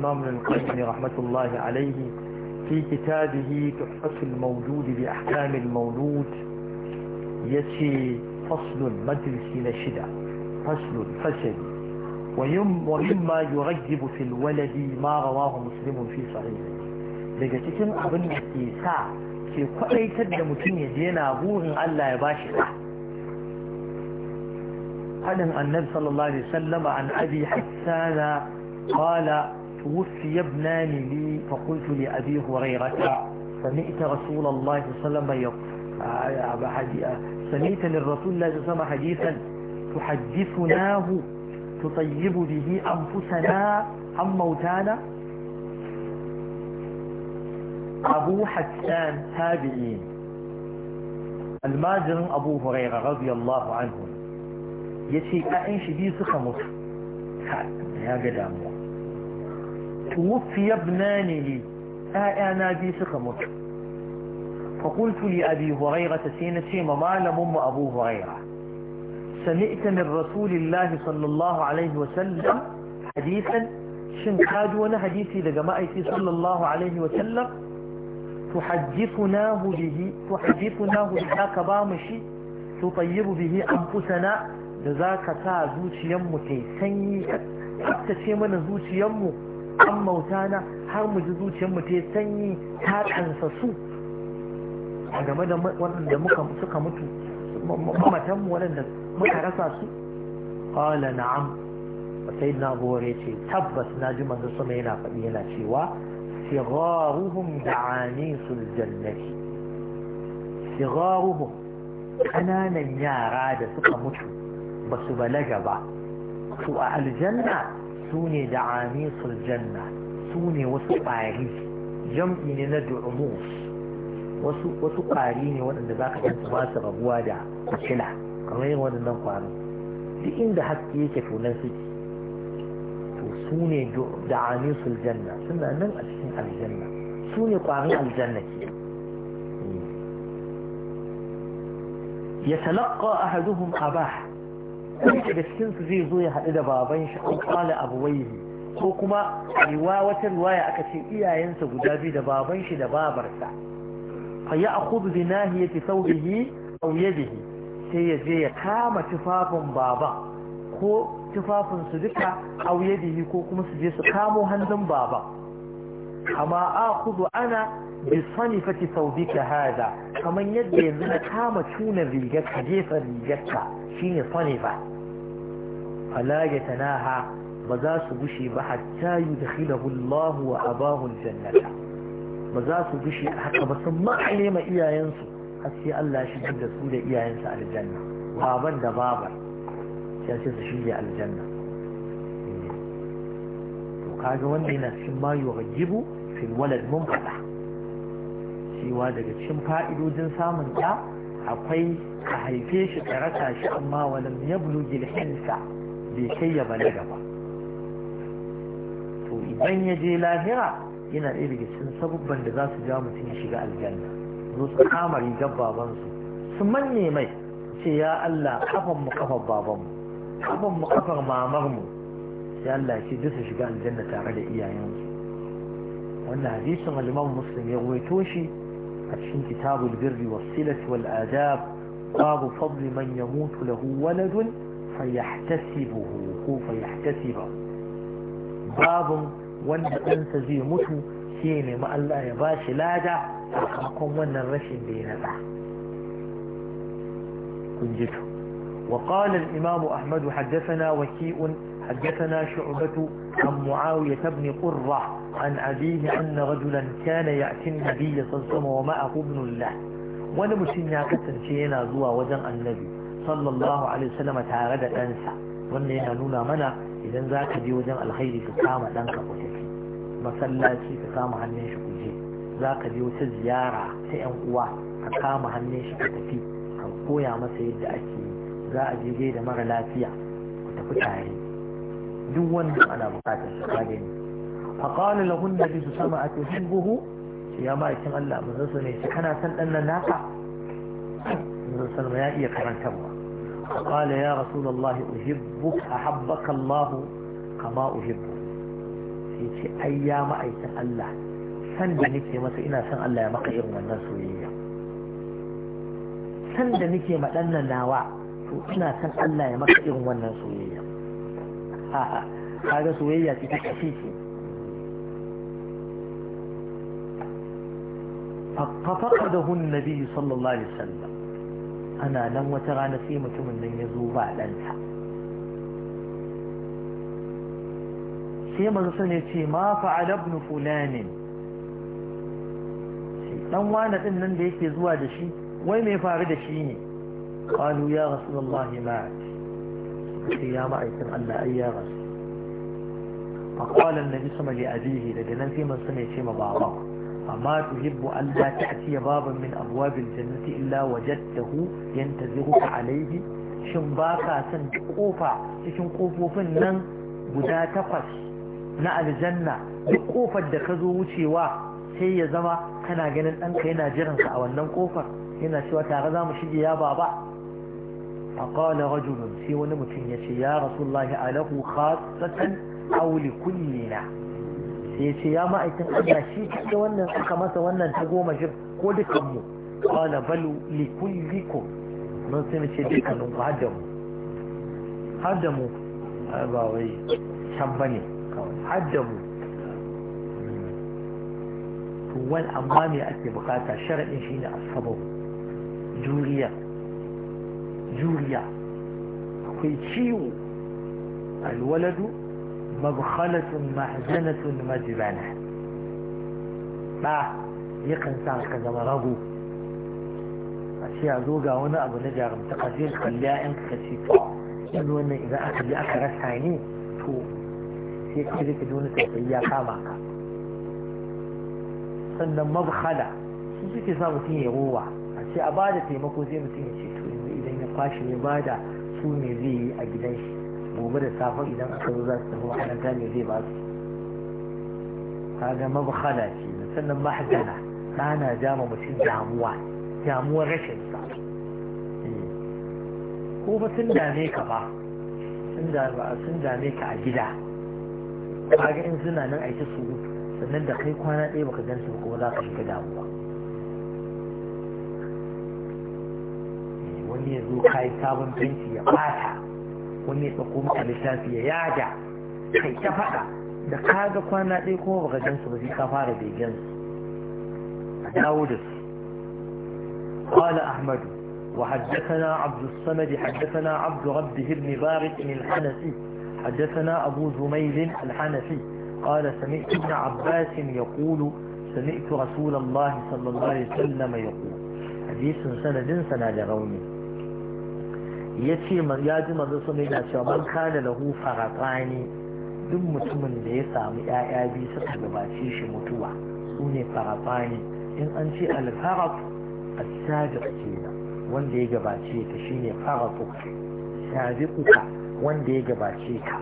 الإمام القيم رحمة الله عليه في كتابه تحفة الموجود بأحكام المولود يسي فصل المجلس نشدة فصل الفسد ومما يرجب في الولد ما رواه مسلم في صحيحه لجتكن أبن التيساء في قرية المتنى دينا أبوه ألا يباشر عن النبي صلى الله عليه وسلم عن أبي حسان قال توفي ابنان لي فقلت لأبي هريرة سمعت رسول الله صلى الله عليه وسلم آه، آه، سمعت للرسول الله صلى الله عليه وسلم حديثا تحدثناه تطيب به أنفسنا عن موتانا أبو حسان تابعين الماجر أبو هريرة رضي الله عنه يتي أعيش آه، بي سخمت يا قدامه توفي ابنانه آآنا بي سقمت فقلت لأبي هريرة سينسيم ما لمم أبو هريرة سمعت من رسول الله صلى الله عليه وسلم حديثا شنكاد وانا حديثي لجمائتي صلى الله عليه وسلم تحدثناه به تحدثناه لذاك بامشي تطيب به أنفسنا لذاك تازوش يمو تيسني حتى شيء من زوش يمو an na har mu ji zuciyar mu ta sanyi ta kansa su a game da waɗanda muka suka mutu mamatan mu waɗanda muka rasa su qala na'am sai na gore ce tabbas na ji manzo sama yana faɗi yana cewa siraruhu da anisul jannati ƙananan yara da suka mutu ba su balaga ba Ku a aljanna su ne da amisul janna su ne wasu ƙwari jam'i ne na du'umus wasu ƙwari ne waɗanda za ka gansu ba su rabuwa da fitila kamar yin waɗannan ƙwarin duk inda haske yake tunan suke to su ne da amisul janna suna nan a cikin aljanna su ne ƙwarin aljanna ke يتلقى أحدهم أباه daga cikin su zai zo ya haɗu da baban shi an abu abuwaihi ko kuma riwa wata ruwaya aka ce iyayensa guda biyu da baban shi da babarsa fa ya akhudhu bi nahiyati thawbihi aw yadihi sai ya je ya kama tufafin baba ko tufafin su duka aw yadihi ko kuma su je su kamo hannun baba amma akhudhu ana bisanifati saubika hada kamar yadda yanzu na kama tunan rigarka jefa rigarka shine sanifa fala yatanaha ba za su gushe ba hatta yudkhilahu Allah wa abahun aljannata ba za su gushe haka ba sun ma'ale ma iyayensu har sai Allah shi da su da iyayensu aljanna baban da babar sai su shige aljanna eh. to kaga wanda yana cikin ma yughjibu fil walad munqata cewa daga cikin fa'idojin samun ɗa akwai ka haife shi ka raka shi amma walam ya bulugi hinsa bai kai ya balaga ba to idan ya je lahira yana ɗaya daga cikin sabubban da za su ja mutum ya shiga aljanna zo su kama rigar babansu su manne mai ce ya Allah kafan mu kafar babanmu kafan mu kafar mamarmu sai Allah duk su shiga aljanna tare da iyayensu wannan hadisin al Muslim ya ruwaito shi أتشين كتاب البر والصلة والآداب باب فضل من يموت له ولد فيحتسبه هو فيحتسبه باب وان أنت زي متو سيني ما الله يباش لا دا أخمكم الرشن بين ذا كنجته وقال الإمام أحمد حدثنا وكيء حدثنا شعبة عن معاوية بن قرة عن أبيه أن رجلا كان يأتي النبي صلى الله عليه وسلم ومعه ابن له wani mutum ya kasance yana zuwa wajen annabi sallallahu alaihi wasallam tare da ɗansa wannan yana nuna mana idan za ka je wajen alkhairi ka kama ɗanka ku tafi masallaci ka kama hannun shi ku je za ka je wata ziyara ta yan uwa ka kama hannun shi ka tafi ka koya masa yadda ake yi za a je da mara lafiya ku tafi tare duk wanda ana bukatar su ka gani faqala lahun nabi sama a tuhibbuhu ya ma'aikin Allah manzon sa ne kana san dan nan naka manzon ma ya iya karantarwa فقال يا رسول الله أحبك أحبك الله كما أحبك sai ce ai ya ma'aikin Allah san da nake masa ina san Allah ya maka irin wannan soyayya san da nake ma dan nawa to ina san Allah ya maka irin wannan soyayya آه، هذا سوية تتحسيسي ففقده النبي صلى الله عليه وسلم أنا لم وترى نسيمك من لن يزوب على أنها سيما رسولة ما فعل ابن فلان لم وانا تنن بيك يزوى دشي ويمي فارد شيني قالوا يا رسول الله معك sai ya ma'aikin Allah ai ya rasu فقال النبي صلى الله عليه وسلم لأبيه لجنان في مسلم يشيم بابا أما تحب أن لا تأتي بابا من أبواب الجنة إلا وجدته ينتظرك عليه شن باكا سن قوفا شن قوفو فنن بدا تقش نا الجنة قوفا دكزو وشيوا sai ya zama kana ganin ɗanka yana jiransa a wannan ƙofar yana cewa tare za mu shige ya baba فقال رجل سيوان متنية يا رسول الله أله خاصة أو لكلنا سيسي يا ما أيتن أنا شيء وانا أكمس وانا تقوم جب كلكم قال بل لكلكم من سمسي دكنا وهدموا هدموا أباوي شبني هدموا wal amma me ake bukata sharaɗin shine asabu juriya juriya akwai ciwo alwaladu mabkhalatun mahzanatun majibana ba yakan sa ka zama rago a ce a zo ga wani abu na jarumta ka je kalli ya'yan to yanzu idan aka je ni to sai ka je ka ji kama ka sannan mabkhala su suke sa mutum ya a a bada taimako sai mutum ya kwashe ya bada su ne zai yi a gidan shi gobe da safe idan aka zo za su tafi makaranta ne zai ba su kaga mabukhala ce sannan mahzana na jama mutum damuwa damuwar rashin sa eh. ko ba sun dame ka ba sun dame ka a gida kaga in suna nan aiki su sannan da kai kwana ɗaya baka gan su ko za ka shiga damuwa wani ya zo kai sabon fenti ya bata wani ya tsako maka littafi ya yaga kai ta faɗa da ka ga kwana ɗaya kuma baka gan su ba sai ka fara begen su a dawo da su قال أحمد وحدثنا عبد الصمد حدثنا عبد ربه بن بارك الحنفي حدثنا أبو زميل الحنفي قال سمعت ابن عباس يقول سمعت رسول الله صلى الله عليه وسلم يقول حديث سند سند غوني ya ce man ya ji manzo sama yana cewa man kana lahu faratani duk mutumin da ya samu ‘ya'ya biyu suka gabace shi mutuwa su ne faratani in an ce alfarat a sabiq kenan wanda ya gabace ka shine faratuk sabiquka wanda ya gabace ka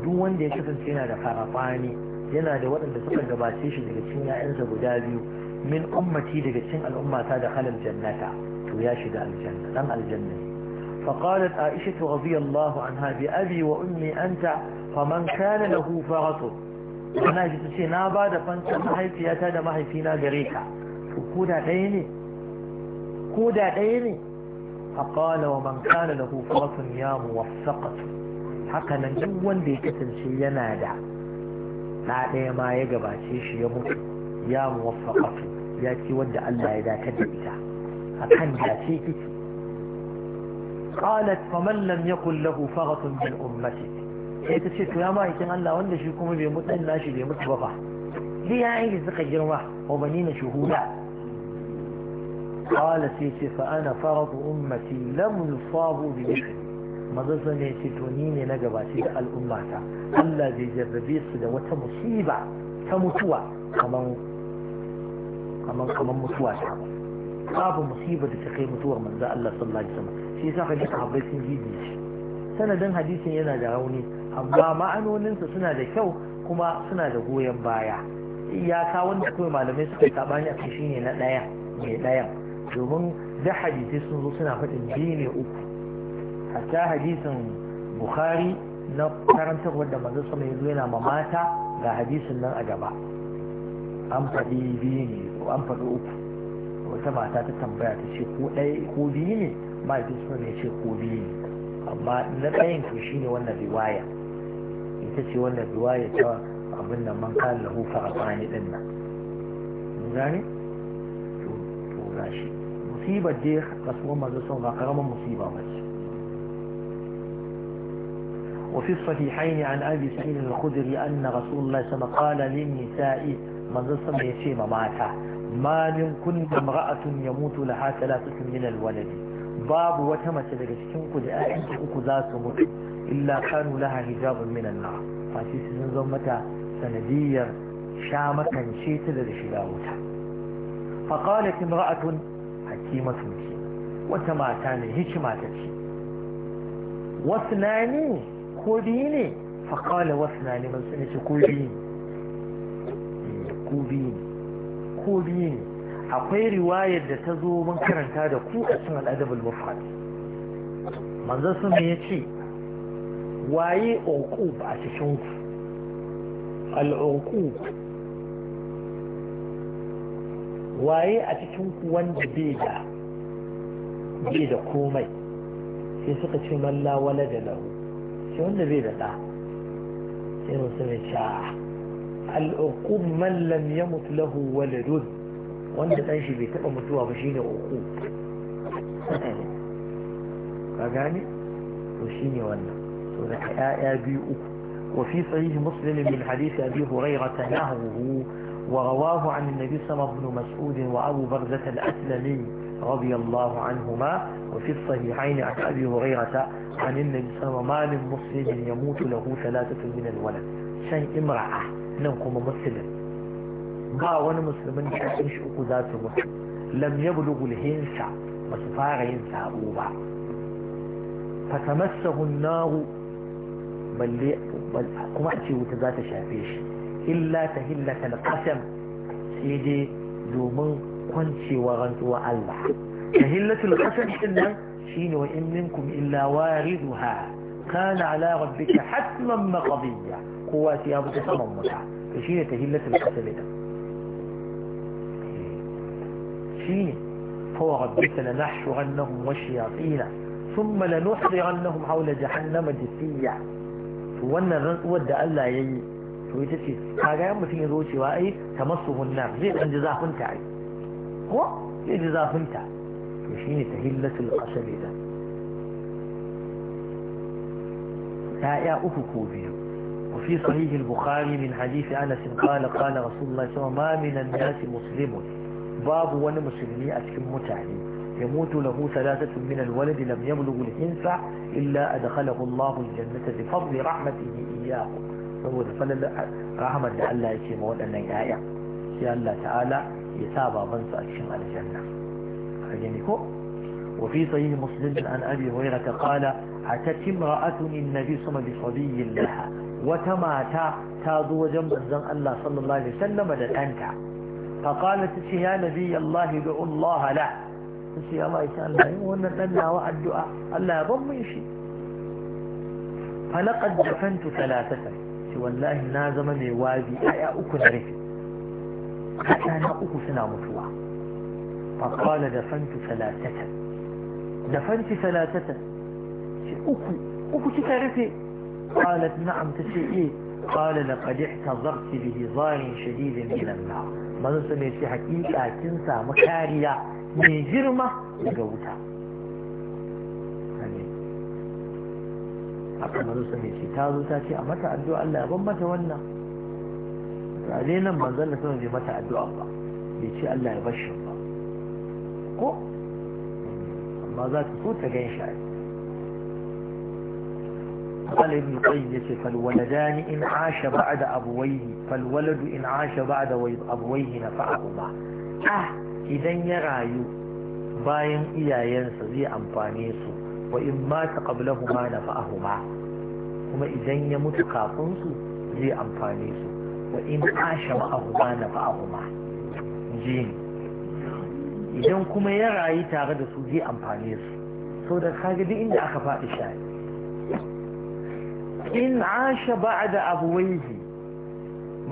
duk wanda ya kasance yana da farafani yana da waɗanda suka gabace shi daga cikin ‘ya'yansa guda biyu min ummati daga cin al'ummata da halal jannata to ya shiga aljanna dan aljanna فقالت عائشة رضي الله عنها بأبي وأمي أنت فمن كان له فرط أنا جئت سينا بعد فانت محي في أتاد محي فينا بريكا كودا ديني كودا ديني فقال ومن كان له فرط يا موفقة حقا نجوان دي كتن سينا دع لا دي ما يقبع سيش يموت يا موفقة يا كي ود الله إذا كدبتا أكن جاتي كتن قالت فمن لم يكن له فغط من أمتي sai ta ce ya ma'aikin Allah wanda shi kuma bai mutu na shi bai mutu ba fa dai ya yi suka girma wa bani na shuhuda qala sai ce fa ana faratu ummati lam nusabu bi dhikri mazan ne ce to ni ne na gabaci da al'ummata Allah zai jarrabe su da wata musiba ta mutuwa kaman kaman kaman mutuwa ta ba babu musibar da ta kai mutuwar manzo Allah sallallahu alaihi wasallam shi yasa kaga sahabbai sun gidi shi sanadin hadisin yana da rauni amma ma'anoninsa suna da kyau kuma suna da goyon baya iyaka wanda kawai malamai suka sabani a shi ne na ɗaya mai ɗaya domin da hadisai sun zo suna faɗin biyu ne uku hatta hadisin bukhari na karantarwar da manzo sama yanzu yana ma mata ga hadisin nan a gaba an faɗi biyu ne an faɗi uku wata mata ta tambaya ta ce ko ɗaya ko biyu ne mahaifin su ya ce ko biyu ne amma na ɗayan to shi ne wannan riwaya ita ce wannan riwaya ta abin nan man kan lahu fa afani din nan gane to to gashi musibar dai kasuwar manzo son ba karaman musiba ba ce وفي الصحيحين عن أبي سعيد الخدري أن رسول الله صلى الله عليه وسلم قال للنساء من ظل يشيم معك ma min kunna imra'atun yamutu laha thalathatun min alwalad babu wata mace daga cikin ku da ƴaƴanta uku za su mutu illa kanu laha hijabun min an-nar fa shi sun zo mata sanadiyar sha makance ta daga shiga wuta fa qalat imra'atun hakimatun ce wata mata ne hikima ta ce wasnani ko biyu ne fa qala wasnani man sun ce ko biyu ko biyu ne ko biyu ne akwai riwayar da ta zo mun karanta da ku a cikin al mufrad manzo sun ya ce waye uqub a cikin ku al-uqub waye a cikin ku wanda bai da bai da komai sai suka ce man la walada lahu sai wanda bai da da sai mutum ya ce العقوب من لم يمت له ولد وانت تعيش shi bai taɓa mutuwa ba shine وانا ka gane آية وفي صحيح مسلم من حديث أبي هريرة نهره ورواه عن النبي صلى الله عليه وسلم مسعود وأبو برزة الأسلمي رضي الله عنهما وفي الصحيحين عن أبي هريرة عن النبي صلى الله عليه وسلم ما من مسلم يموت له ثلاثة من الولد شيء امرأة nan kuma musulun ba wani musulmin da ake shi uku za su mutu lam ya bulugu hinsa ba su fara yin sabo ba fatamassahun naru balle kuma a ce wuta za ta shafe shi illa ta hillata na kasam sai dai domin kwancewa rantsuwa Allah ta hillatul kasam din nan ne wa in minkum illa wariduha kana ala rabbika hatman maqdiya قواتي أبو بطي صمم متعة شين تهيلة القتل ده شين فوق بيتنا نحرغنهم وشياطين ثم عنهم حول جحنم جسية وانا ودى ألا يجي ويتشي هاقا يوم في روشي وائي تمصه النار زيد عن جزاه انت هو زيد جزاه انت يشين تهيلة القتل ده هاقا أفكو فيه وفي صحيح البخاري من حديث أنس قال قال رسول الله صلى الله عليه وسلم ما من الناس مسلم باب ون مسلمي أتكم متعلم يموت له ثلاثة من الولد لم يبلغ الإنسع إلا أدخله الله الجنة بفضل رحمته إياه فهو فلل رحمة الله يكيم وأن آية يا الله تعالى يتابع من على الجنة وفي صحيح مسلم عن أبي هريرة قال أتت امرأة النبي صلى الله عليه وسلم بصبي لها wata mata ta zo wajen manzon Allah sallallahu alaihi wasallam da ɗanta faqala ta ce ya nabi Allah da Allah la ta ce ya mai Allah yi wannan dan nawa addu'a Allah ya ban min shi falaqad dafantu thalathata ce wallahi na zama mai wabi aya uku na rufe na uku suna mutuwa faqala dafantu thalathata dafanti thalathata ce uku uku kika rufe قالت نعم تشيئي قال لقد احتضرت بهزار شديد من النار من سميت حقيقة تنسى مكارية من جرمة لقوتها haka manzo mai ce ta zo ta ce a mata addu'a Allah ya ban mata wannan sai nan manzon da sanin bai mata addu'a ba bai ce Allah ya bar ba ko amma za ta so ta gan shi قال ابن القيم فالولدان إن عاش بعد أبويه فالولد إن عاش بعد أبويه نفعهما آه إذا يرايو باين إيا ينسى زي أمفانيسو وإن مات قبلهما نفعهما هما إذا يموت كافنسو زي أمفانيسو وإن عاش معهما نفعهما جين إذا كما يرايو تاغدسو زي أمفانيسو سودا خاجة دي إن أخفاء الشاي إن عاش بعد أبويه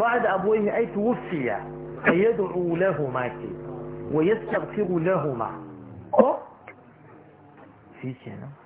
بعد أبويه أي توفي فيدعو لهما ويستغفر لهما في شيء